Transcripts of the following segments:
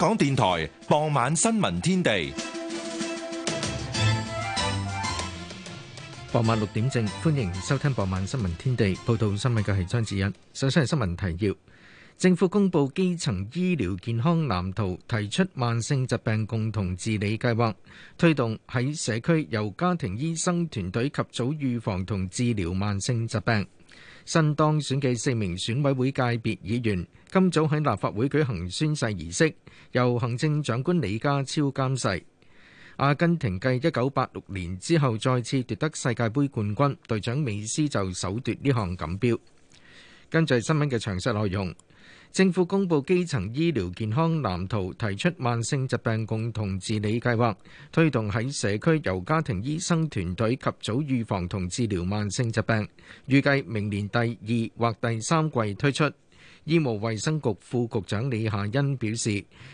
港電台傍晚新聞天地，傍晚六點正歡迎收聽傍晚新聞天地。報道新聞嘅係張子欣。首先係新聞提要：政府公布基層醫療健康藍圖，提出慢性疾病共同治理計劃，推動喺社區由家庭醫生團隊及早預防同治療慢性疾病。新當選嘅四名選委會界別議員今早喺立法會舉行宣誓儀式，由行政長官李家超監誓。阿根廷繼一九八六年之後再次奪得世界盃冠軍，隊長美斯就首奪呢項錦標。跟住新聞嘅詳細內容。政府公布《基層醫療健康藍圖》，提出慢性疾病共同治理計劃，推動喺社區由家庭醫生團隊及早預防同治療慢性疾病。預計明年第二或第三季推出。醫務衛生局副局長李夏欣表示，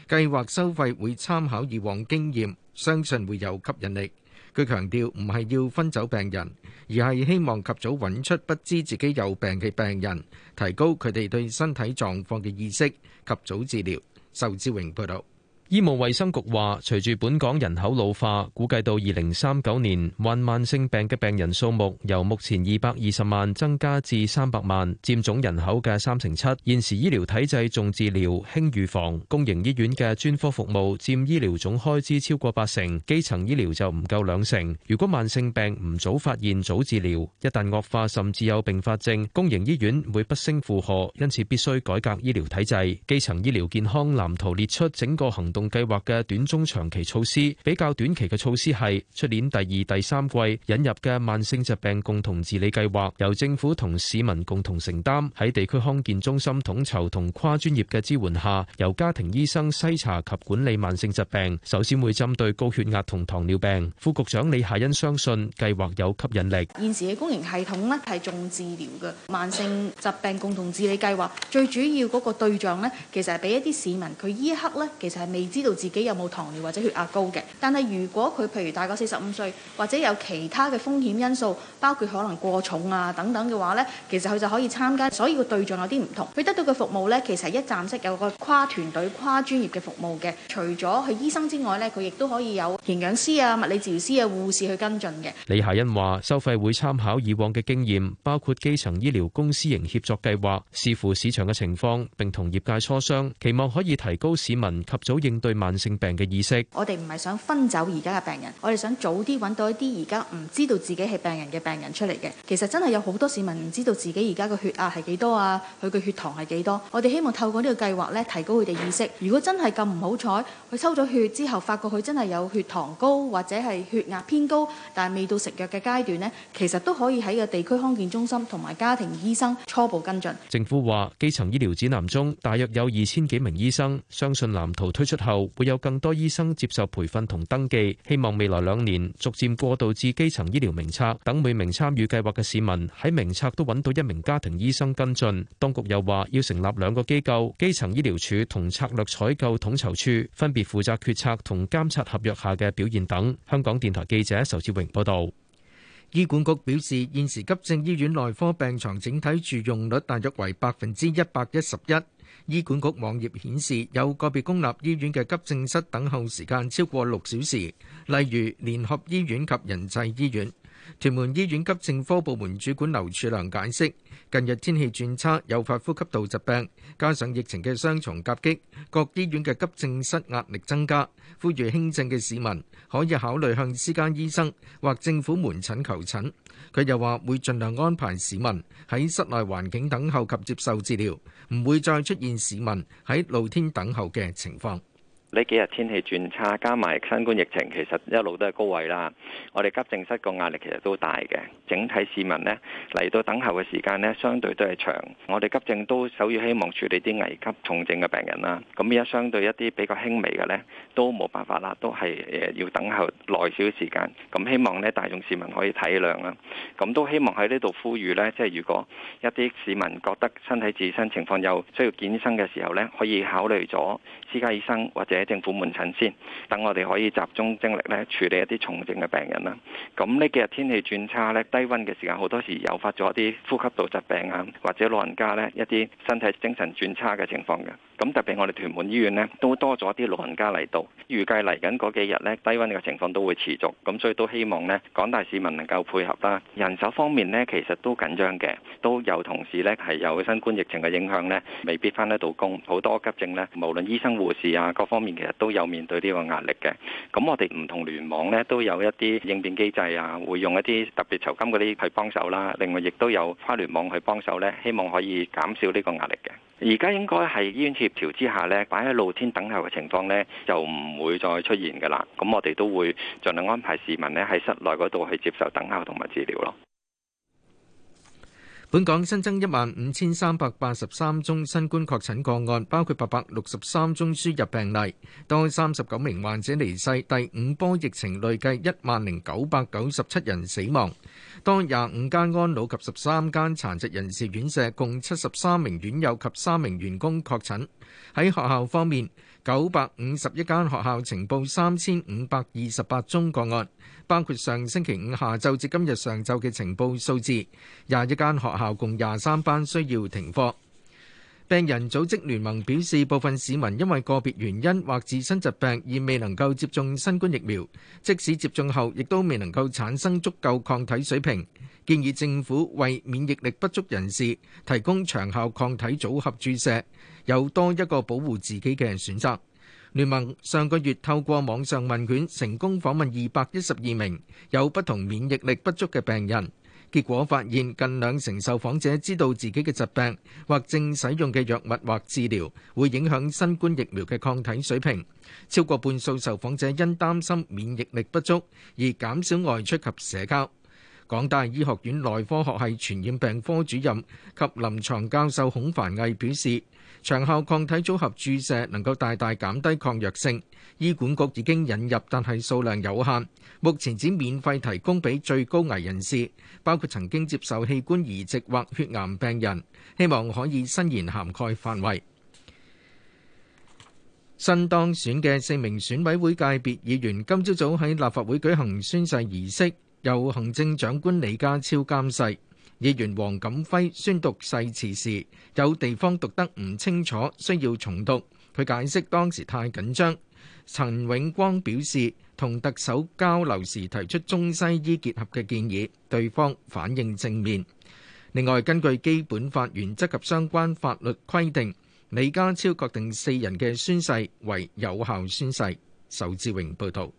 計劃收費會參考以往經驗，相信會有吸引力。佢強調唔係要分走病人，而係希望及早揾出不知自己有病嘅病人，提高佢哋對身體狀況嘅意識，及早治療。仇志榮報導。醫務衛生局話，隨住本港人口老化，估計到二零三九年患慢性病嘅病人數目由目前二百二十萬增加至三百萬，佔總人口嘅三成七。現時醫療體制重治療輕預防，公營醫院嘅專科服務佔醫療總開支超過八成，基層醫療就唔夠兩成。如果慢性病唔早發現早治療，一旦惡化甚至有併發症，公營醫院會不勝負荷，因此必須改革醫療體制。基層醫療健康藍圖列出整個行動。動計劃嘅短中長期措施，比較短期嘅措施係出年第二、第三季引入嘅慢性疾病共同治理計劃，由政府同市民共同承擔，喺地區康健中心統籌同跨專業嘅支援下，由家庭醫生篩查及管理慢性疾病。首先會針對高血壓同糖尿病。副局長李夏欣相信計劃有吸引力。現時嘅公營系統呢係重治療嘅慢性疾病共同治理計劃，最主要嗰個對象呢，其實係俾一啲市民，佢依一刻呢其實係未，知道自己有冇糖尿或者血壓高嘅，但係如果佢譬如大概四十五歲，或者有其他嘅風險因素，包括可能過重啊等等嘅話咧，其實佢就可以參加。所以個對象有啲唔同，佢得到嘅服務咧，其實一站式有個跨團隊、跨專業嘅服務嘅。除咗係醫生之外咧，佢亦都可以有營養師啊、物理治療師啊、護士去跟進嘅。李夏欣話：收費會參考以往嘅經驗，包括基層醫療公私營協作計劃，視乎市場嘅情況，並同業界磋商，期望可以提高市民及早認對慢性病嘅意識，我哋唔係想分走而家嘅病人，我哋想早啲揾到一啲而家唔知道自己係病人嘅病人出嚟嘅。其實真係有好多市民唔知道自己而家個血壓係幾多啊，佢嘅血糖係幾多。我哋希望透過呢個計劃咧，提高佢哋意識。如果真係咁唔好彩，佢抽咗血之後，發覺佢真係有血糖高或者係血壓偏高，但係未到食藥嘅階段咧，其實都可以喺個地區康健中心同埋家庭醫生初步跟進。政府話基層醫療指南中，大約有二千幾名醫生相信藍圖推出。後會有更多醫生接受培訓同登記，希望未來兩年逐漸過渡至基層醫療名冊，等每名參與計劃嘅市民喺名冊都揾到一名家庭醫生跟進。當局又話要成立兩個機構，基層醫療處同策略採購統籌處，分別負責決策同監察合約下嘅表現等。香港電台記者仇志榮報道，醫管局表示，現時急症醫院內科病床整體住用率大約為百分之一百一十一。醫管局網頁顯示，有個別公立醫院嘅急症室等候時間超過六小時，例如聯合醫院及仁濟醫院。屯門醫院急症科部門主管劉柱良解釋。近日天氣轉差，誘發呼吸道疾病，加上疫情嘅雙重夾擊，各醫院嘅急症室壓力增加。呼籲輕症嘅市民可以考慮向私家醫生或政府門診求診，佢又話會盡量安排市民喺室內環境等候及接受治療，唔會再出現市民喺露天等候嘅情況。呢幾日天氣轉差，加埋新冠疫情，其實一路都係高位啦。我哋急症室個壓力其實都大嘅，整體市民呢嚟到等候嘅時間呢，相對都係長。我哋急症都首要希望處理啲危急重症嘅病人啦。咁而家相對一啲比較輕微嘅呢，都冇辦法啦，都係誒要等候耐少少時間。咁希望呢，大眾市民可以體諒啦。咁都希望喺呢度呼籲呢，即係如果一啲市民覺得身體自身情況有需要見醫生嘅時候呢，可以考慮咗私家醫生或者政府門診先，等我哋可以集中精力咧處理一啲重症嘅病人啦。咁呢幾日天，天氣轉差咧，低溫嘅時間好多時誘發咗一啲呼吸道疾病啊，或者老人家咧一啲身體精神轉差嘅情況嘅。咁特別我哋屯門醫院呢都多咗啲老人家嚟到，預計嚟緊嗰幾日咧低溫嘅情況都會持續。咁所以都希望呢廣大市民能夠配合啦。人手方面呢，其實都緊張嘅，都有同事呢係有新冠疫情嘅影響呢，未必翻得到工。好多急症呢，無論醫生、護士啊，各方。其實都有面對呢個壓力嘅，咁我哋唔同聯網呢，都有一啲應變機制啊，會用一啲特別酬金嗰啲去幫手啦，另外亦都有跨聯網去幫手呢，希望可以減少呢個壓力嘅。而家應該係醫院協調之下呢，擺喺露天等候嘅情況呢，就唔會再出現噶啦。咁我哋都會盡量安排市民呢喺室內嗰度去接受等候同埋治療咯。本港新增一萬五千三百八十三宗新冠確診個案，包括八百六十三宗輸入病例，多三十九名患者離世。第五波疫情累計一萬零九百九十七人死亡。多廿五間安老及十三間殘疾人士院舍共七十三名院友及三名員工確診，喺學校方面，九百五十一間學校呈報三千五百二十八宗個案，包括上星期五下晝至今日上晝嘅呈報數字。廿一間學校共廿三班需要停課。病人組織聯盟表示，部分市民因為個別原因或自身疾病而未能夠接種新冠疫苗，即使接種後亦都未能夠產生足夠抗體水平，建議政府為免疫力不足人士提供長效抗體組合注射。有多一個保護自己嘅人選擇。聯盟上個月透過網上問卷成功訪問二百一十二名有不同免疫力不足嘅病人，結果發現近兩成受訪者知道自己嘅疾病或正使用嘅藥物或治療會影響新冠疫苗嘅抗體水平。超過半數受訪者因擔心免疫力不足而減少外出及社交。港大醫學院內科學系傳染病科主任及臨床教授孔凡毅表示，長效抗體組合注射能夠大大減低抗藥性。醫管局已經引入，但係數量有限，目前只免費提供俾最高危人士，包括曾經接受器官移植或血癌病人。希望可以伸延涵蓋範圍。新當選嘅四名選委會界別議員今朝早喺立法會舉行宣誓儀式。由行政長官李家超監誓，議員黃錦輝宣讀誓詞時，有地方讀得唔清楚，需要重讀。佢解釋當時太緊張。陳永光表示，同特首交流時提出中西醫結合嘅建議，對方反應正面。另外，根據基本法原則及相關法律規定，李家超確定四人嘅宣誓為有效宣誓。仇志榮報道。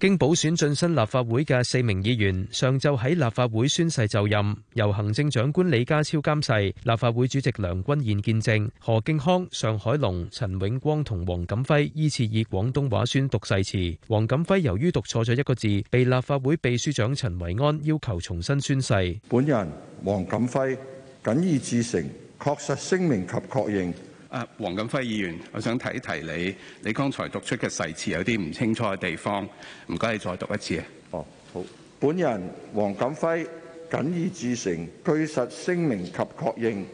經補選晉身立法會嘅四名議員上晝喺立法會宣誓就任，由行政長官李家超監誓，立法會主席梁君彥見證。何敬康、尚海龍、陳永光同黃錦輝依次以廣東話宣讀誓詞。黃錦輝由於讀錯咗一個字，被立法會秘書長陳維安要求重新宣誓。本人黃錦輝謹以至誠，確實聲明及確認。啊，黃錦輝議員，我想提提你，你剛才讀出嘅誓詞有啲唔清楚嘅地方，唔該你再讀一次啊。哦，好。本人黃錦輝謹以至誠據實聲明及確認。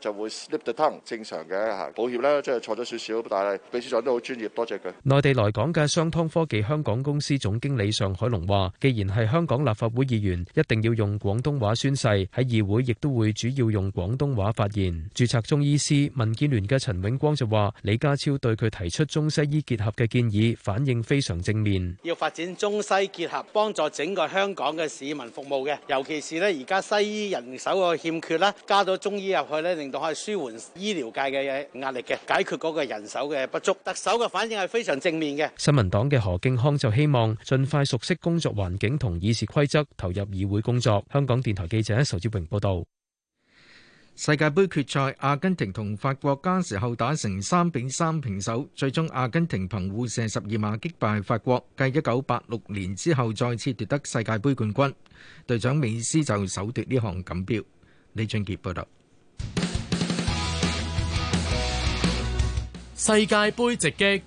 就會 slip the tongue，正常嘅吓，抱歉啦，即係錯咗少少，但係秘書長都好專業，多謝佢。龍話既然係香港立法會議員,一定要用廣東話宣誓,喺議會亦都會主要用廣東話發言,註冊中醫師、民建聯嘅陳永光就話,李家超對佢提出中西醫結合嘅建議反應非常正面。要發展中西結合幫助整個香港嘅市民服務,尤其是咧而家西醫人手嘅欠缺啦,加咗中醫入去,令到可以舒緩醫療界嘅壓力,解決嗰個人手嘅不足,特首嘅反應是非常正面。新民黨嘅何敬康就希望盡快熟悉工作環境同議事規則投入議會工作。香港電台記者仇志榮報導。世界盃決賽，阿根廷同法國加時後打成三比三平手，最終阿根廷憑互射十二碼擊敗法國，繼一九八六年之後再次奪得世界盃冠軍。隊長美斯就首奪呢項錦標。李俊傑報導。世界盃直擊。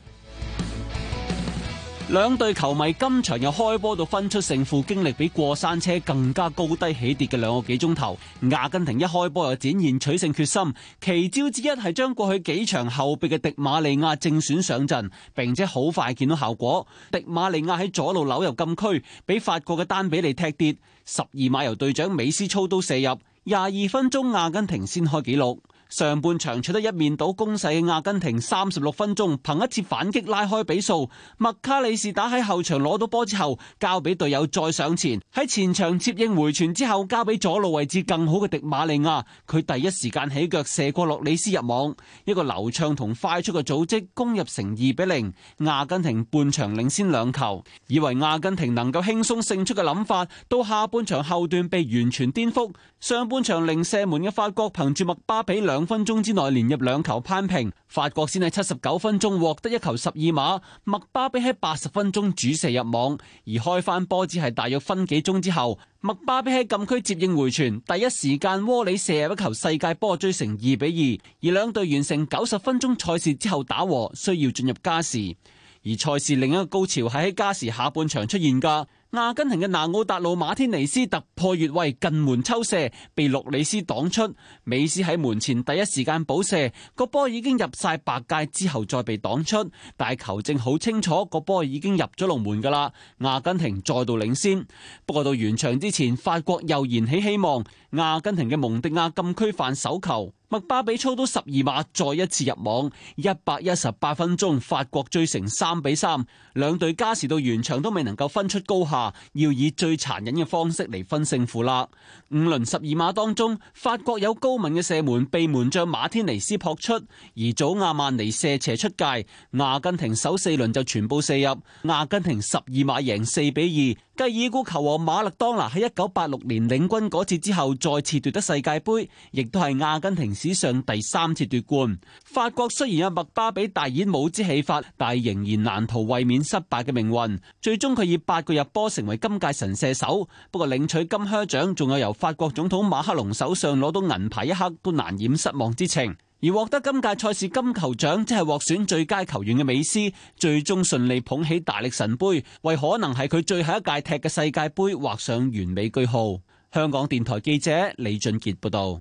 兩隊球迷今場又開波到分出勝負，經歷比過山車更加高低起跌嘅兩個幾鐘頭。阿根廷一開波又展現取勝決心，奇招之一係將過去幾場後備嘅迪馬利亞正選上陣，並且好快見到效果。迪馬利亞喺左路扭入禁區，俾法國嘅丹比利踢跌十二碼，馬由隊長美斯操刀射入。廿二分鐘，阿根廷先開紀錄。上半場取得一面倒攻勢嘅阿根廷三十六分鐘，憑一次反擊拉開比數。麥卡里士打喺後場攞到波之後，交俾隊友再上前。喺前場接應回傳之後，交俾左路位置更好嘅迪馬利亞。佢第一時間起腳射過洛里斯入網，一個流暢同快速嘅組織攻入成二比零。阿根廷半場領先兩球。以為阿根廷能夠輕鬆勝出嘅諗法，到下半場後段被完全顛覆。上半場零射門嘅法國，憑住麥巴比兩球。五分鐘之內連入兩球攀平，法國先喺七十九分鐘獲得一球十二碼，麥巴比喺八十分鐘主射入網而開翻波，只係大約分幾鐘之後，麥巴比喺禁區接應回傳第一時間窩裏射入一球，世界波追成二比二，而兩隊完成九十分鐘賽事之後打和，需要進入加時，而賽事另一個高潮係喺加時下半場出現噶。阿根廷嘅南澳達魯馬天尼斯突破越位近門抽射，被洛里斯擋出。美斯喺門前第一時間補射，個波已經入曬白界之後再被擋出，但係球證好清楚，個波已經入咗龍門㗎喇。阿根廷再度領先，不過到完場之前，法國又燃起希望。阿根廷嘅蒙迪亞禁區犯手球，麥巴比操刀十二碼，再一次入網。一百一十八分鐘，法國追成三比三，兩隊加時到完場都未能夠分出高下，要以最殘忍嘅方式嚟分勝負啦。五輪十二碼當中，法國有高敏嘅射門被門將馬天尼斯撲出，而祖亞曼尼射斜出界。阿根廷首四輪就全部射入，阿根廷十二碼贏四比二。繼爾乎，球王馬勒當拿喺一九八六年領軍嗰次之後，再次奪得世界盃，亦都係阿根廷史上第三次奪冠。法國雖然有麥巴比大演帽子戲法，但仍然難逃衛冕失敗嘅命運。最終佢以八個入波成為今屆神射手，不過領取金靴獎，仲有由法國總統馬克龍手上攞到銀牌一刻，都難掩失望之情。而獲得今屆賽事金球獎，即係獲選最佳球員嘅美斯，最終順利捧起大力神杯，為可能係佢最後一屆踢嘅世界盃畫上完美句號。香港電台記者李俊傑報道。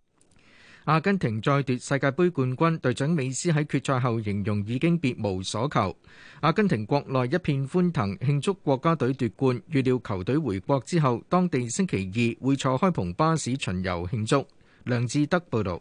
阿根廷再奪世界盃冠軍，隊長美斯喺決賽後形容已經別無所求。阿根廷國內一片歡騰，慶祝國家隊奪冠。預料球隊回國之後，當地星期二會坐開篷巴士巡遊慶祝。梁志德報導。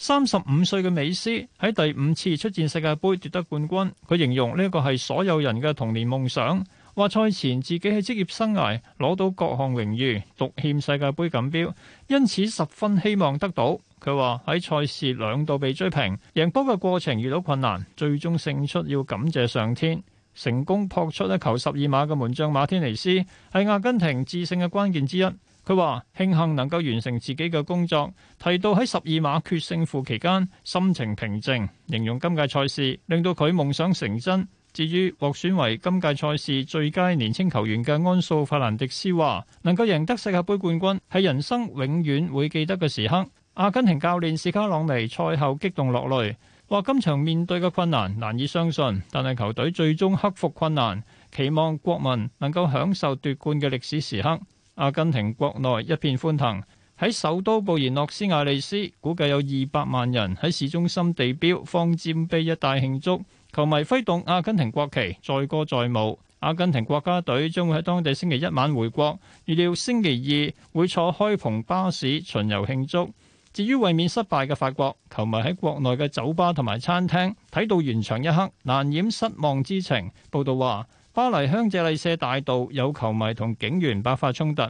三十五歲嘅美斯喺第五次出戰世界杯，奪得冠軍，佢形容呢個係所有人嘅童年夢想。話賽前自己喺職業生涯攞到各項榮譽，獨欠世界杯錦標，因此十分希望得到。佢話喺賽事兩度被追平，贏波嘅過程遇到困難，最終勝出，要感謝上天，成功撲出一球十二碼嘅門將馬天尼斯，係阿根廷致勝嘅關鍵之一。佢話：慶幸能夠完成自己嘅工作，提到喺十二碼決勝負期間心情平靜，形容今屆賽事令到佢夢想成真。至於獲選為今屆賽事最佳年輕球員嘅安素法蘭迪斯話：能夠贏得世界盃冠軍係人生永遠會記得嘅時刻。阿根廷教練史卡朗尼賽後激動落淚，話今場面對嘅困難難以相信，但係球隊最終克服困難，期望國民能夠享受奪冠嘅歷史時刻。阿根廷國內一片歡騰，喺首都布宜諾斯艾利斯，估計有二百萬人喺市中心地標方尖碑一帶慶祝，球迷揮動阿根廷國旗，載歌載舞。阿根廷國家隊將會喺當地星期一晚回國，預料星期二會坐開篷巴士巡遊慶祝。至於衛冕失敗嘅法國，球迷喺國內嘅酒吧同埋餐廳睇到完場一刻，難掩失望之情。報導話。巴黎香榭麗舍大道有球迷同警員爆發衝突，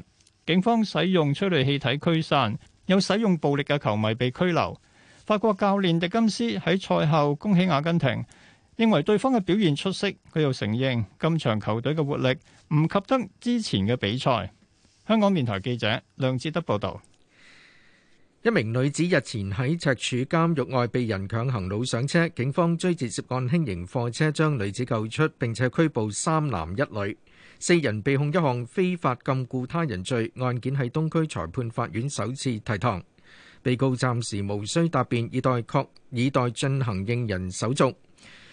警方使用催淚氣體驅散，有使用暴力嘅球迷被拘留。法國教練迪金斯喺賽後恭喜阿根廷，認為對方嘅表現出色。佢又承認今場球隊嘅活力唔及得之前嘅比賽。香港電台記者梁志德報道。一名女子日前喺赤柱監獄外被人強行擄上車，警方追截涉案輕型貨車，將女子救出，並且拘捕三男一女，四人被控一項非法禁錮他人罪。案件喺東區裁判法院首次提堂，被告暫時無需答辯，以待確以待進行認人手續。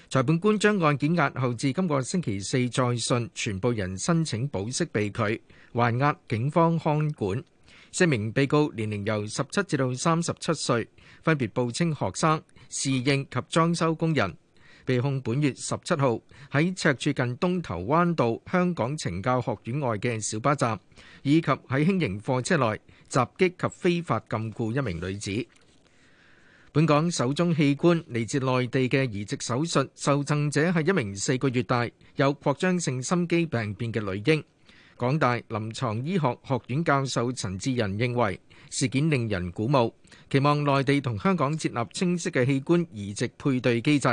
裁判官將案件押後至今個星期四再訊，全部人申請保釋被拒，還押警方看管。四名被告年齡由十七至到三十七歲，分別報稱學生、侍應及裝修工人。被控本月十七號喺赤柱近東頭灣道香港懲教學院外嘅小巴站，以及喺輕型貨車內襲擊及非法禁錮一名女子。本港首宗器官嚟自內地嘅移植手術，受贈者係一名四個月大、有擴張性心肌病變嘅女嬰。港大臨牀醫學學院教授陳志仁認為事件令人鼓舞，期望內地同香港設立清晰嘅器官移植配對機制，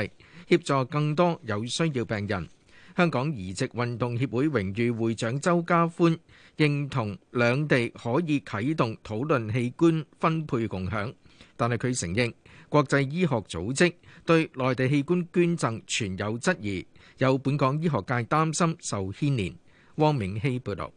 協助更多有需要病人。香港移植運動協會榮譽會長周家歡認同兩地可以啟動討論器官分配共享，但係佢承認國際醫學組織對內地器官捐贈存有質疑，有本港醫學界擔心受牽連。汪明熙報道。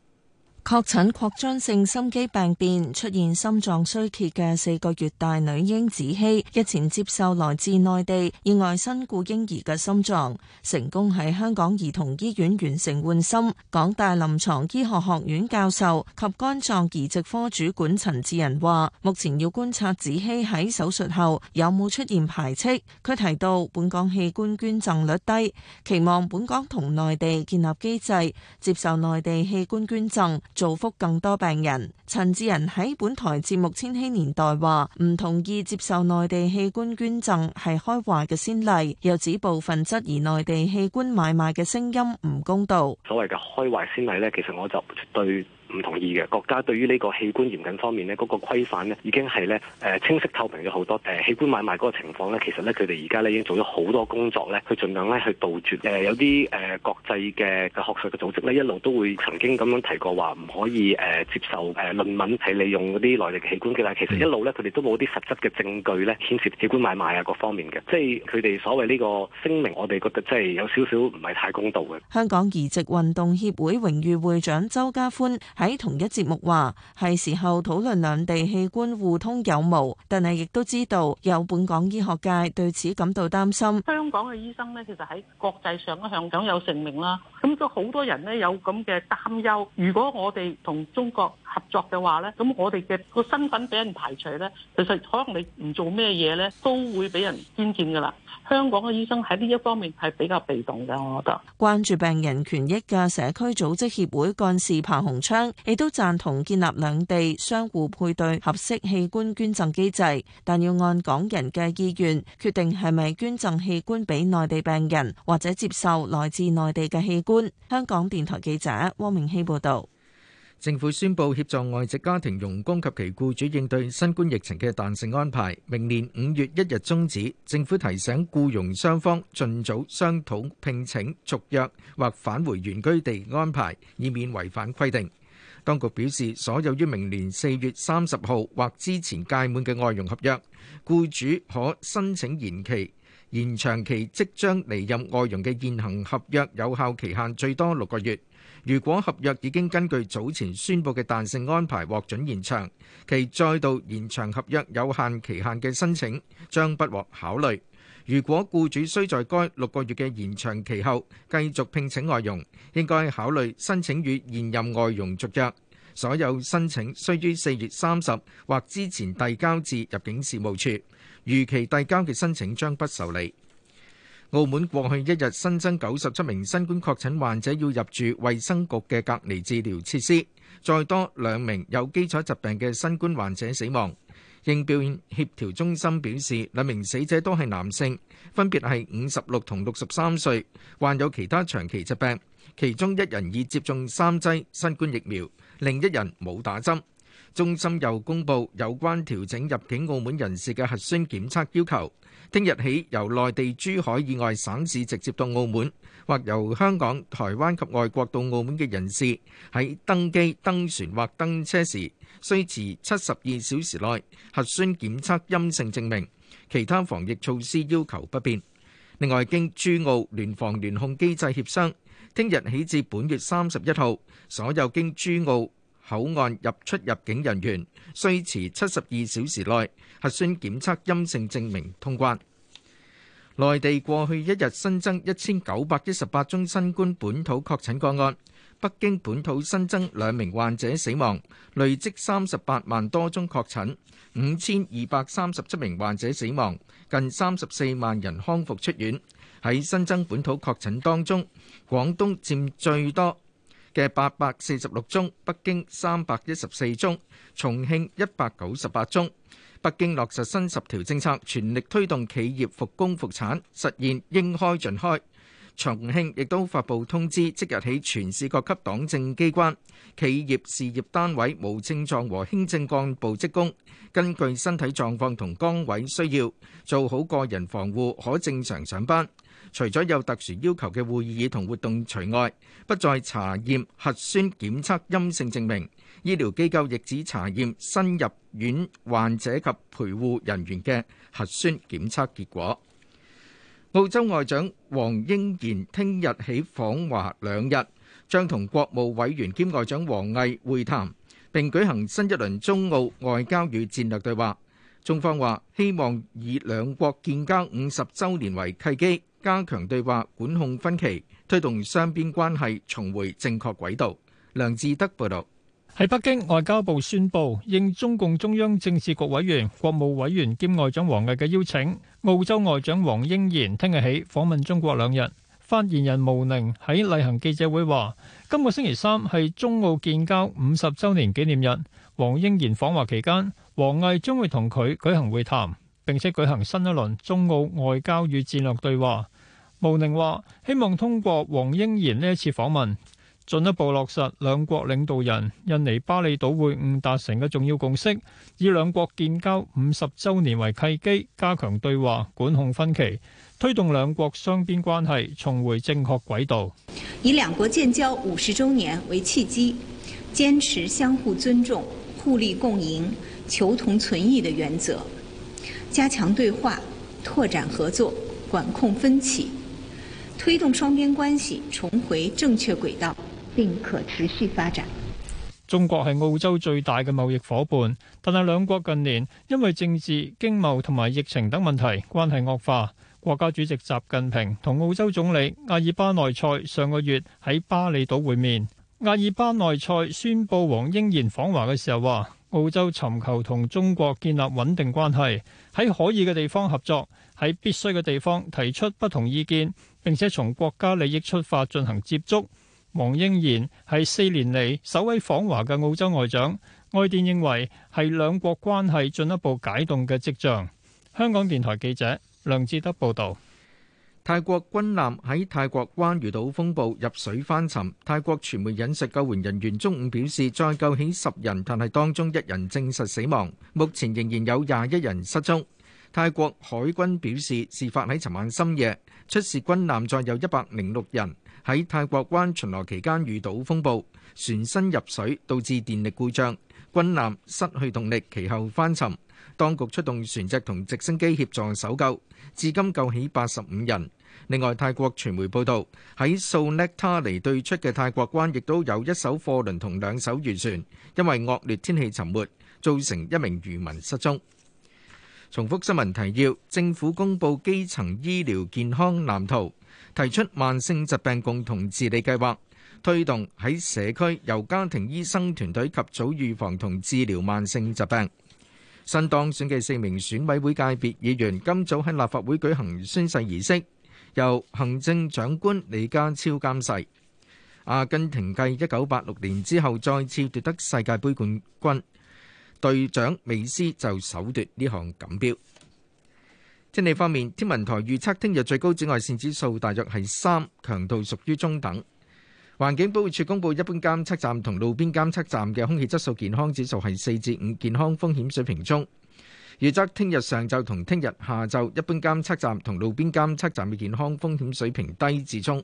確診擴張性心肌病變，出現心臟衰竭嘅四個月大女嬰子希，日前接受來自內地意外身故嬰兒嘅心臟，成功喺香港兒童醫院完成換心。港大臨床醫學學院教授及肝臟移植科主管陳智仁話，目前要觀察子希喺手術後有冇出現排斥。佢提到，本港器官捐贈率低，期望本港同內地建立機制，接受內地器官捐贈。造福更多病人。陳志仁喺本台節目《千禧年代》話唔同意接受內地器官捐贈係開壞嘅先例，又指部分質疑內地器官買賣嘅聲音唔公道。所謂嘅開壞先例呢，其實我就對。唔同意嘅國家對於呢個器官嚴謹方面呢，嗰個規範咧已經係呢，誒清晰透明咗好多。誒器官買賣嗰個情況呢。其實呢，佢哋而家呢已經做咗好多工作呢，去盡量呢去杜絕。誒有啲誒國際嘅嘅學術嘅組織呢，一路都會曾經咁樣提過話唔可以誒接受誒論文係利用嗰啲內地器官嘅啦。但係其實一路呢，佢哋都冇啲實質嘅證據呢，牽涉器官買賣啊各方面嘅。即係佢哋所謂呢個聲明，我哋覺得即係有少少唔係太公道嘅。香港移植運動協會榮譽會長周家歡。喺同一節目話係時候討論兩地器官互通有無，但係亦都知道有本港醫學界對此感到擔心。香港嘅醫生呢，其實喺國際上一向享有盛名啦，咁都好多人呢，有咁嘅擔憂。如果我哋同中國合作嘅話呢，咁我哋嘅個身份俾人排除呢，其實可能你唔做咩嘢呢，都會俾人牽連噶啦。香港嘅醫生喺呢一方面係比較被動嘅，我覺得。關注病人權益嘅社區組織協會幹事彭鴻昌亦都贊同建立兩地相互配對合適器官捐贈機制，但要按港人嘅意願決定係咪捐贈器官俾內地病人或者接受來自內地嘅器官。香港電台記者汪明熙報導。政府宣布協助外籍家庭傭工及其雇主應對新冠疫情嘅彈性安排，明年五月一日終止。政府提醒雇傭雙方盡早商討聘請續約或返回原居地安排，以免違反規定。當局表示，所有於明年四月三十號或之前屆滿嘅外傭合約，雇主可申請延期；延長期即將離任外傭嘅現行合約有效期限最多六個月。如果合約已經根據早前宣布嘅彈性安排獲准延長，其再度延長合約有限期限嘅申請將不獲考慮。如果僱主需在該六個月嘅延長期後繼續聘請外傭，應該考慮申請與現任外傭續約。所有申請需於四月三十或之前遞交至入境事務處，逾期遞交嘅申請將不受理。澳門過去一日新增九十七名，新冠確診患者，要入住，衛生局嘅隔離治療設施，再多兩名，有基礎疾病嘅新冠患者死亡。應表現，協調中心表示，聽日起，由內地珠海以外省市直接到澳門，或由香港、台灣及外國到澳門嘅人士，喺登機、登船或登車時，需持七十二小時內核酸檢測陰性證明。其他防疫措施要求不變。另外，經珠澳聯防聯控機制協商，聽日起至本月三十一號，所有經珠澳口岸入出入境人員需持七十二小時內核酸檢測陰性證明通關。內地過去一日新增一千九百一十八宗新冠本土確診個案，北京本土新增兩名患者死亡，累積三十八萬多宗確診，五千二百三十七名患者死亡，近三十四萬人康復出院。喺新增本土確診當中，廣東佔最多。嘅八百四十六宗，北京三百一十四宗，重慶一百九十八宗。北京落實新十條政策，全力推動企業復工復產，實現應開盡開。重慶亦都發佈通知，即日起全市各級黨政機關、企業事業單位無症狀和輕症幹部職工，根據身體狀況同崗位需要，做好個人防護，可正常上班。除咗有特殊要求嘅會議同活動除外，不再查驗核酸檢測陰性證明。醫療機構亦只查驗新入院患者及陪護人員嘅核酸檢測結果。澳洲外長黃英賢聽日起訪華兩日，將同國務委員兼外長王毅會談，並舉行新一輪中澳外交與戰略對話。中方話希望以兩國建交五十週年為契機。加強對話，管控分歧，推動雙邊關係重回正確軌道。梁志德報道。喺北京，外交部宣布，應中共中央政治局委員、國務委員兼外長王毅嘅邀請，澳洲外長黃英賢聽日起訪問中國兩日。發言人毛寧喺例行記者會話：今個星期三係中澳建交五十週年紀念日。黃英賢訪華期間，王毅將會同佢舉行會談，並且舉行新一輪中澳外交與戰略對話。毛寧話：希望通過黃英賢呢一次訪問，進一步落實兩國領導人印尼巴厘島會晤達成嘅重要共識，以兩國建交五十周年為契機，加強對話，管控分歧，推動兩國雙邊關係重回正確軌道。以兩國建交五十周年為契機，堅持相互尊重、互利共贏、求同存異的原則，加強對話，拓展合作，管控分歧。推動雙邊關係重回正確軌道，並可持續發展。中國係澳洲最大嘅貿易夥伴，但係兩國近年因為政治、經貿同埋疫情等問題，關係惡化。國家主席習近平同澳洲總理阿爾巴內塞上個月喺巴厘島會面，阿爾巴內塞宣布黃英賢訪華嘅時候話。澳洲尋求同中國建立穩定關係，喺可以嘅地方合作，喺必須嘅地方提出不同意見，並且從國家利益出發進行接觸。黃英賢係四年嚟首位訪華嘅澳洲外長，外電認為係兩國關係進一步解凍嘅跡象。香港電台記者梁志德報道。泰國軍艦喺泰國灣遇到風暴，入水翻沉。泰國傳媒引述救援人員中午表示，再救起十人，但係當中一人證實死亡。目前仍然有廿一人失蹤。泰國海軍表示，事發喺尋晚深夜。出事軍艦載有一百零六人，喺泰國灣巡邏期間遇到風暴，船身入水，導致電力故障，軍艦失去動力，其後翻沉。當局出動船隻同直升機協助搜救，至今救起八十五人。另外，泰國傳媒報道，喺素叻他尼對出嘅泰國灣，亦都有一艘貨輪同兩艘漁船因為惡劣天氣沉沒，造成一名漁民失蹤。重複新聞提要：政府公布基層醫療健康藍圖，提出慢性疾病共同治理計劃，推動喺社區由家庭醫生團隊及早預防同治療慢性疾病。新當選嘅四名選委會界別議員今早喺立法會舉行宣誓儀式，由行政長官李家超監誓。阿根廷繼一九八六年之後再次奪得世界盃冠軍，隊長美斯就首奪呢項錦標。天氣方面，天文台預測聽日最高紫外綫指數大約係三，強度屬於中等。環境保護署公布，一般監測站同路邊監測站嘅空氣質素健康指數係四至五，健康風險水平中。預測聽日上晝同聽日下晝，一般監測站同路邊監測站嘅健康風險水平低至中。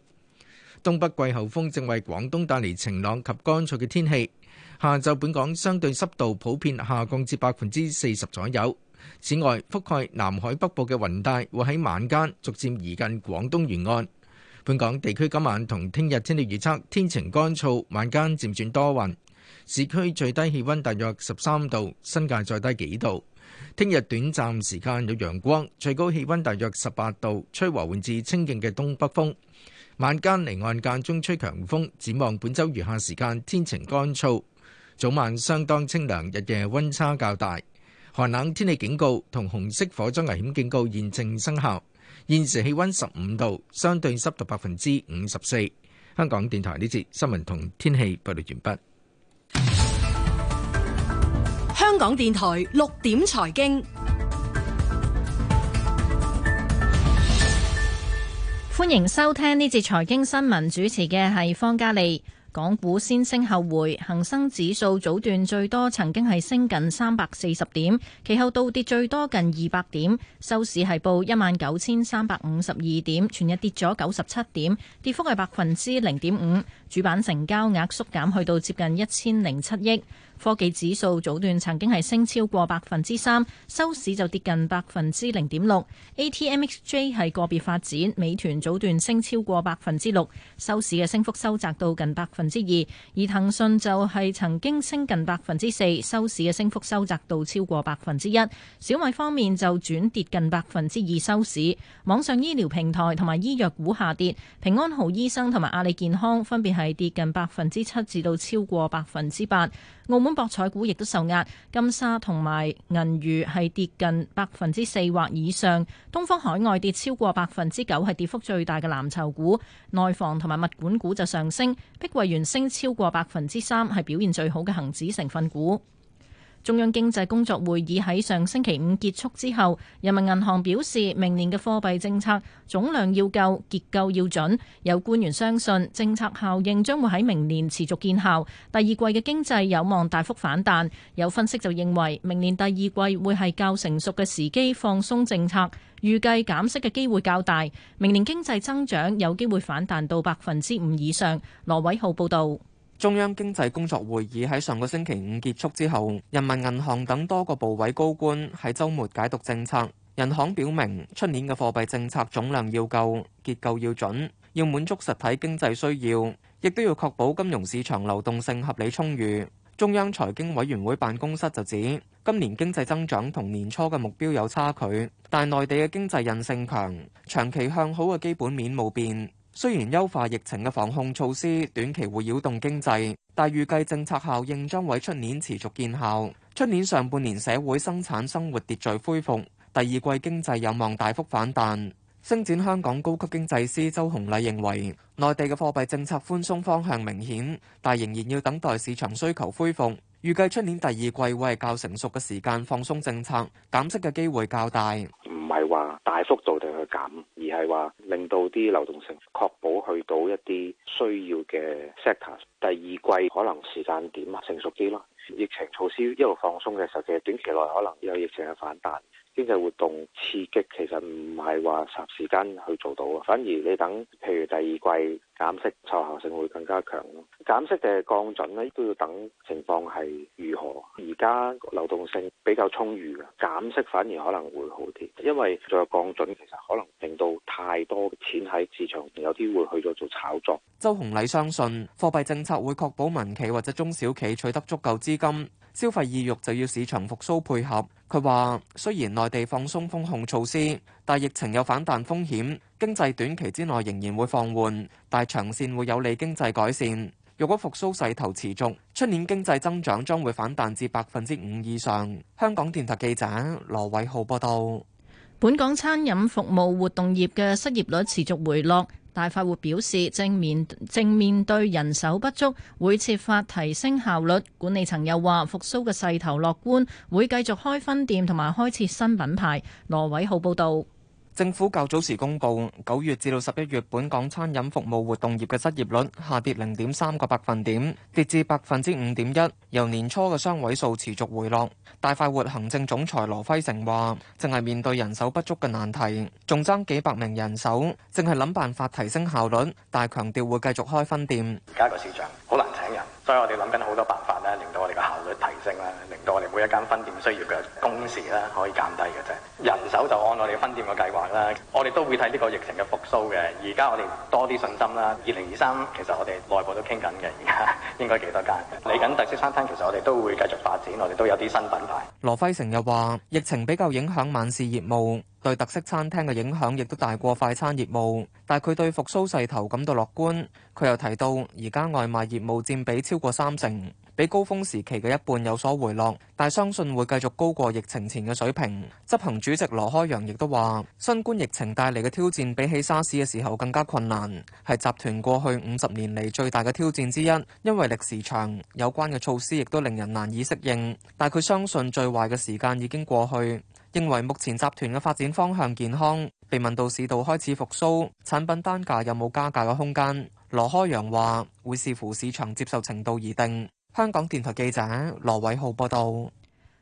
東北季候風正為廣東帶嚟晴朗及乾燥嘅天氣，下晝本港相對濕度普遍下降至百分之四十左右。此外，覆蓋南海北部嘅雲帶會喺晚間逐漸移近廣東沿岸。本港地區今晚同聽日天氣預測，天晴乾燥，晚間漸轉多雲。市區最低氣温大約十三度，新界再低幾度。聽日短暫時間有陽光，最高氣温大約十八度，吹和緩至清勁嘅東北風。晚間離岸間中吹強風。展望本週餘下時間天晴乾燥，早晚相當清涼，日夜温差較大。寒冷天氣警告同紅色火災危險警告現正生效。現時氣溫十五度，相對濕度百分之五十四。香港電台呢節新聞同天氣播報完畢。香港電台六點財經，歡迎收聽呢節財經新聞，主持嘅係方嘉利。港股先升後回，恒生指數早段最多曾經係升近三百四十點，其後倒跌最多近二百點，收市係報一萬九千三百五十二點，全日跌咗九十七點，跌幅係百分之零點五，主板成交額縮減，減去到接近一千零七億。科技指數早段曾經係升超過百分之三，收市就跌近百分之零點六。ATMXJ 係個別發展，美團早段升超過百分之六，收市嘅升幅收窄到近百分之二。而騰訊就係曾經升近百分之四，收市嘅升幅收窄到超過百分之一。小米方面就轉跌近百分之二收市，網上醫療平台同埋醫藥股下跌，平安好醫生同埋阿里健康分別係跌近百分之七至到超過百分之八。澳門博彩股亦都受壓，金沙同埋銀娛係跌近百分之四或以上，東方海外跌超過百分之九，係跌幅最大嘅藍籌股。內房同埋物管股就上升，碧桂園升超過百分之三，係表現最好嘅恒指成分股。中央經濟工作會議喺上星期五結束之後，人民銀行表示明年嘅貨幣政策總量要夠，結構要準。有官員相信政策效應將會喺明年持續見效，第二季嘅經濟有望大幅反彈。有分析就認為，明年第二季會係較成熟嘅時機放鬆政策，預計減息嘅機會較大。明年經濟增長有機會反彈到百分之五以上。羅偉浩報導。中央經濟工作會議喺上個星期五結束之後，人民銀行等多個部委高官喺周末解讀政策。人行表明，出年嘅貨幣政策總量要夠，結構要準，要滿足實體經濟需要，亦都要確保金融市場流動性合理充裕。中央財經委員會辦公室就指，今年經濟增長同年初嘅目標有差距，但內地嘅經濟韌性強，長期向好嘅基本面冇變。雖然優化疫情嘅防控措施短期會擾動經濟，但預計政策效應將會出年持續見效。出年上半年社會生產生活秩序恢復，第二季經濟有望大幅反彈。星展香港高級經濟師周紅麗認為，內地嘅貨幣政策寬鬆方向明顯，但仍然要等待市場需求恢復。預計出年第二季會係較成熟嘅時間放鬆政策，減息嘅機會較大。唔係話大幅度地去減，而係話令到啲流動性確保去到一啲需要嘅 sector。第二季可能時間點啊成熟啲咯，疫情措施一路放鬆嘅時候，其實短期內可能有疫情嘅反彈，經濟活動刺激其實唔係話霎時間去做到啊，反而你等譬如第二季。減息成效性會更加強咯。減息定係降準呢？都要等情況係如何。而家流動性比較充裕嘅，減息反而可能會好啲，因為再降準其實可能令到太多嘅錢喺市場，有啲會去咗做炒作。周紅禮相信貨幣政策會確保民企或者中小企取得足夠資金，消費意欲就要市場復甦配合。佢話：雖然內地放鬆封控措施，但疫情有反彈風險，經濟短期之內仍然會放緩，但長線會有利經濟改善。若果復甦勢頭持續，出年經濟增長將會反彈至百分之五以上。香港電台記者羅偉浩報道。本港餐飲服務活動業嘅失業率持續回落，大快活表示正面正面對人手不足，會設法提升效率。管理層又話復甦嘅勢頭樂觀，會繼續開分店同埋開設新品牌。羅偉浩報道。政府較早時公布，九月至到十一月本港餐飲服務活動業嘅失業率下跌零點三個百分點，跌至百分之五點一，由年初嘅雙位數持續回落。大快活行政總裁羅輝成話，淨係面對人手不足嘅難題，仲爭幾百名人手，淨係諗辦法提升效率。但係強調會繼續開分店。而家個市場好難請人，所以我哋諗緊好多辦法咧，令到我哋嘅效率提升啦。我哋每一間分店需要嘅工時咧，可以減低嘅啫。人手就按我哋分店嘅計劃啦。我哋都會睇呢個疫情嘅復甦嘅。而家我哋多啲信心啦。二零二三其實我哋內部都傾緊嘅。而家應該幾多間？嚟緊特色餐廳其實我哋都會繼續發展。我哋都有啲新品牌。羅輝成又話：疫情比較影響晚市業務，對特色餐廳嘅影響亦都大過快餐業務。但係佢對復甦勢頭感到樂觀。佢又提到，而家外賣業務佔比超過三成。比高峰時期嘅一半有所回落，但相信會繼續高過疫情前嘅水平。執行主席羅開陽亦都話新冠疫情帶嚟嘅挑戰比起沙士嘅時候更加困難，係集團過去五十年嚟最大嘅挑戰之一。因為歷時長，有關嘅措施亦都令人難以適應，但佢相信最壞嘅時間已經過去，認為目前集團嘅發展方向健康。被問到市道開始復甦，產品單價有冇加價嘅空間，羅開陽話會視乎市場接受程度而定。香港電台記者羅偉浩報道。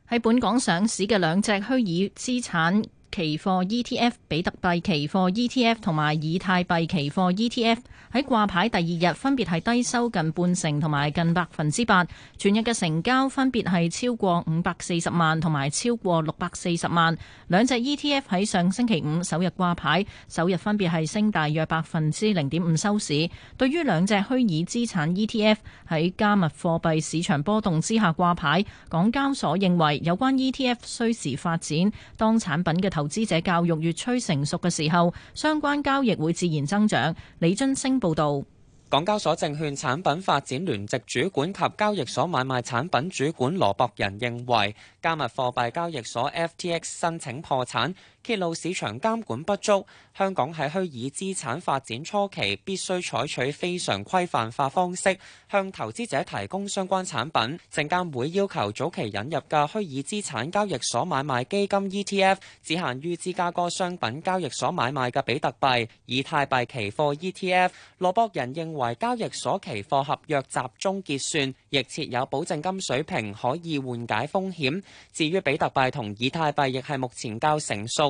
喺本港上市嘅兩隻虛擬資產期貨 ETF，比特幣期貨 ETF 同埋以太幣期貨 ETF。喺掛牌第二日，分別係低收近半成同埋近百分之八。全日嘅成交分別係超過五百四十萬同埋超過六百四十萬。兩隻 ETF 喺上星期五首日掛牌，首日分別係升大約百分之零點五收市。對於兩隻虛擬資產 ETF 喺加密貨幣市場波動之下掛牌，港交所認為有關 ETF 需時發展，當產品嘅投資者教育越趨成熟嘅時候，相關交易會自然增長。李津升報道。港交所證券產品發展聯席主管及交易所買賣產品主管羅博仁認為，加密貨幣交易所 FTX 申請破產，揭露市場監管不足，香港喺虛擬資產發展初期必須採取非常規範化方式向投資者提供相關產品。證監會要求早期引入嘅虛擬資產交易所買賣基金 ETF，只限於芝加哥商品交易所買賣嘅比特幣以太幣期貨 ETF。羅博人認為交易所期貨合約集中結算，亦設有保證金水平可以緩解風險，至於比特幣同以太幣亦係目前較成熟。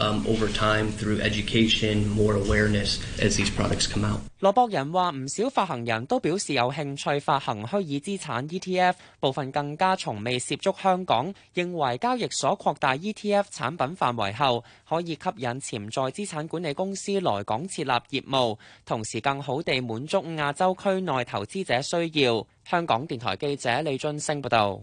羅博人話：唔少發行人都表示有興趣發行虛擬資產 ETF，部分更加從未涉足香港，認為交易所擴大 ETF 產品範圍後，可以吸引潛在資產管理公司來港設立業務，同時更好地滿足亞洲區內投資者需要。香港電台記者李俊升報道。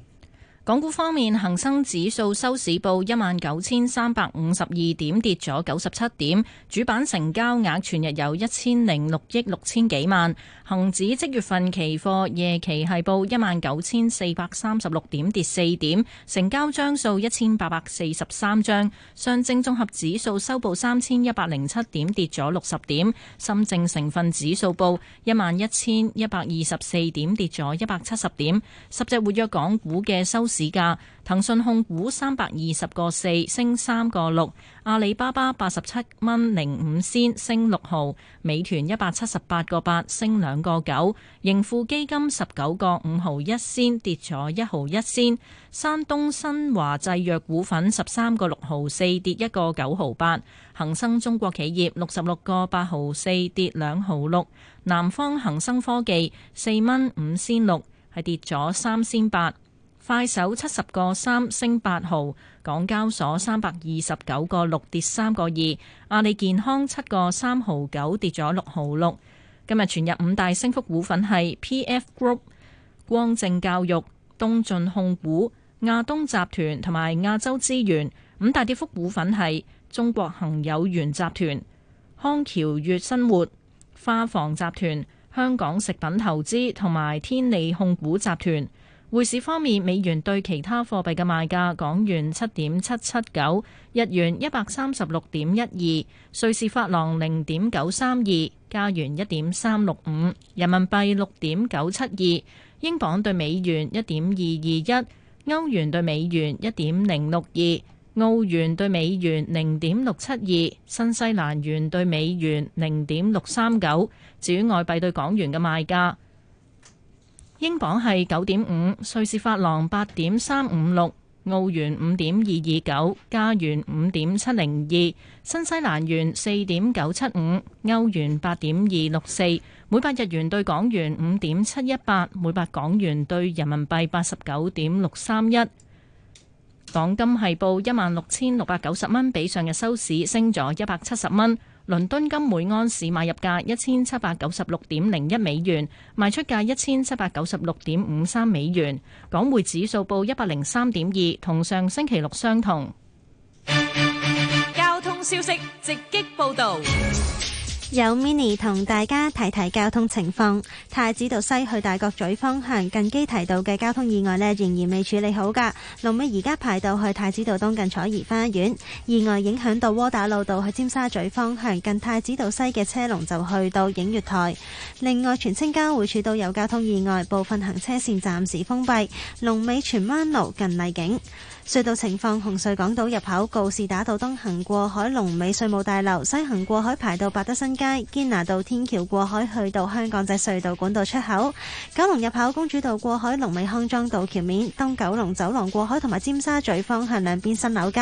港股方面，恒生指數收市報一萬九千三百五十二點，跌咗九十七點。主板成交額全日有一千零六億六千幾萬。恒指即月份期貨夜期係報一萬九千四百三十六點，跌四點，成交張數一千八百四十三張。上證綜合指數收報三千一百零七點，跌咗六十點。深證成分指數報一萬一千一百二十四點，跌咗一百七十點。十隻活躍港股嘅收市市價，騰訊控股三百二十個四升三個六，阿里巴巴八十七蚊零五仙升六毫，美團一百七十八個八升兩個九，盈富基金十九個五毫一仙跌咗一毫一仙，山東新華製藥股份十三個六毫四跌一個九毫八，恒生中國企業六十六個八毫四跌兩毫六，南方恒生科技四蚊五仙六係跌咗三仙八。快手七十個三升八毫，港交所三百二十九個六跌三個二，阿里健康七個三毫九跌咗六毫六。今日全日五大升幅股份係 PF Group、光正教育、東進控股、亞東集團同埋亞洲資源。五大跌幅股份係中國恒友元集團、康橋悦生活、花房集團、香港食品投資同埋天利控股集團。匯市方面，美元對其他貨幣嘅賣價：港元七點七七九，日元一百三十六點一二，瑞士法郎零點九三二，加元一點三六五，人民幣六點九七二，英鎊對美元一點二二一，歐元對美元一點零六二，澳元對美元零點六七二，新西蘭元對美元零點六三九。至於外幣對港元嘅賣價。英鎊係九點五，瑞士法郎八點三五六，澳元五點二二九，加元五點七零二，新西蘭元四點九七五，歐元八點二六四，每百日元對港元五點七一八，每百港元對人民幣八十九點六三一。港金係報一萬六千六百九十蚊，比上日收市升咗一百七十蚊。倫敦金每安士買入價一千七百九十六點零一美元，賣出價一千七百九十六點五三美元。港匯指數報一百零三點二，同上星期六相同。交通消息直擊報道。有 mini 同大家提提交通情況。太子道西去大角咀方向近基提道嘅交通意外呢仍然未處理好噶。龍尾而家排到去太子道東近彩怡花園。意外影響到窩打老道去尖沙咀方向近太子道西嘅車龍就去到映月台。另外，荃青交匯處都有交通意外，部分行車線暫時封閉，龍尾荃灣路近麗景。隧道情況：紅隧港島入口告士打道東行過海，龍尾稅務大樓；西行過海排到百德新街、堅拿道天橋過海去到香港仔隧道管道出口。九龍入口公主道過海，龍尾康莊道，道橋面；東九龍走廊過海同埋尖沙咀方向兩邊新樓街。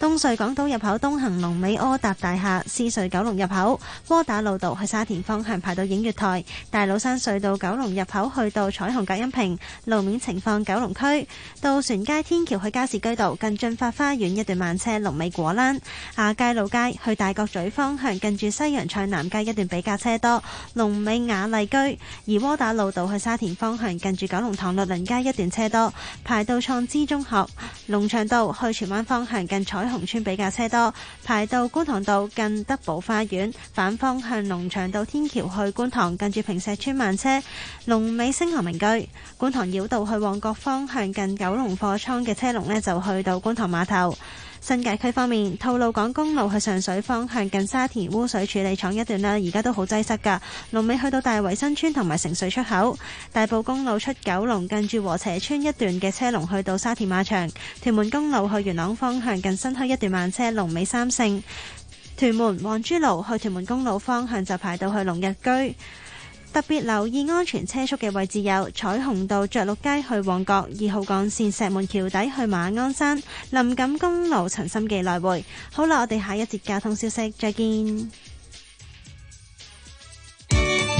東隧港島入口東行龍尾柯達大廈，獅隧九龍入口窩打老道去沙田方向排到映月台、大老山隧道九龍入口去到彩虹隔音屏。路面情況。九龍區渡船街天橋去加。居道近駿發花園一段慢車，龍尾果欄；亞皆老街去大角咀方向近住西洋菜南街一段比較車多，龍尾雅麗居；而窩打老道去沙田方向近住九龍塘律倫街一段車多，排到創知中學；龍翔道去荃灣方向近彩虹村比較車多，排到觀塘道近德寶花園，反方向龍翔道天橋去觀塘近住坪石村慢車，龍尾星河名居；觀塘繞道去旺角方向近九龍貨倉嘅車龍呢，就去到觀塘碼頭。新界區方面，吐露港公路去上水方向近沙田污水處理廠一段啦，而家都好擠塞噶。龍尾去到大圍新村同埋城隧出口。大埔公路出九龍近住和斜村一段嘅車龍去到沙田馬場。屯門公路去元朗方向近新墟一段慢車，龍尾三聖。屯門皇珠路去屯門公路方向就排到去龍日居。特別留意安全車速嘅位置有彩虹道、着陸街去旺角、二號幹線石門橋底去馬鞍山、林錦公路陳心記來回。好啦，我哋下一節交通消息再見。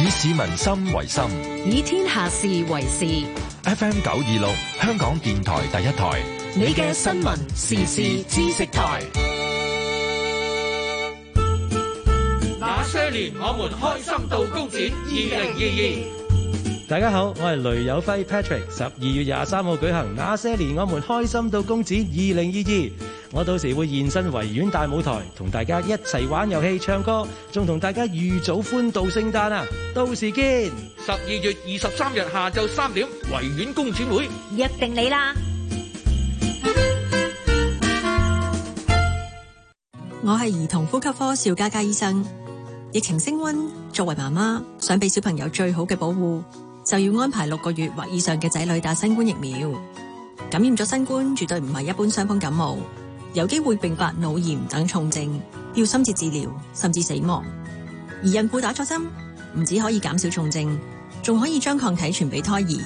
以市民心為心，以天下事為事。FM 九二六，香港電台第一台，你嘅新聞時事知識台。年我們開心到公展二零二二。大家好，我係雷有輝 Patrick。十二月廿三號舉行那些年我們開心到公展二零二二，我到時會現身維園大舞台，同大家一齊玩遊戲、唱歌，仲同大家預早歡度聖誕啊！到時見。十二月二十三日下晝三點，維園公展會約定你啦。我係兒童呼吸科邵嘉嘉醫生。疫情升溫，作為媽媽想俾小朋友最好嘅保護，就要安排六個月或以上嘅仔女打新冠疫苗。感染咗新冠，絕對唔係一般傷風感冒，有機會併發腦炎等重症，要深切治療，甚至死亡。而孕婦打咗針，唔止可以減少重症，仲可以將抗體傳俾胎兒。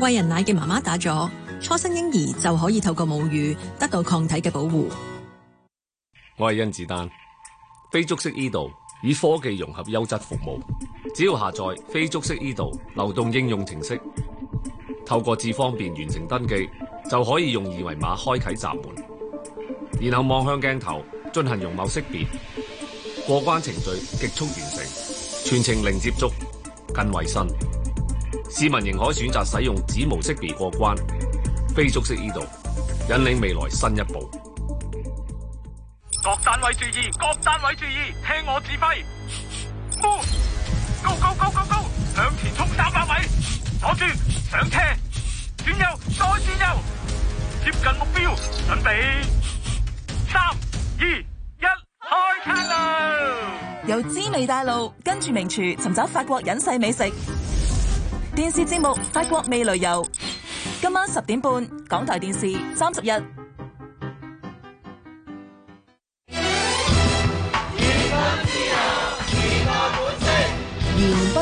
喂人奶嘅媽媽打咗，初生嬰兒就可以透過母乳得到抗體嘅保護。我係甄子丹，飛竹式 i d 以科技融合優質服務，只要下載非觸式 e 道流動應用程式，透過智方便完成登記，就可以用二維碼開啟閘門，然後望向鏡頭進行容貌識別，過關程序極速完成，全程零接觸、更衛生。市民仍可選擇使用指模識別過關。非觸式 e 道引領未來新一步。各單位注意，各單位注意，聽我指揮。唔，高高高高高，向前衝三百米，左轉，上車，轉右，再轉右，接近目標，準備 3, 2, 1,，三、二、一，開餐啦！由滋味大路跟住名廚尋找法國隱世美食，電視節目《法國味旅遊》，今晚十點半，港台電視三十日。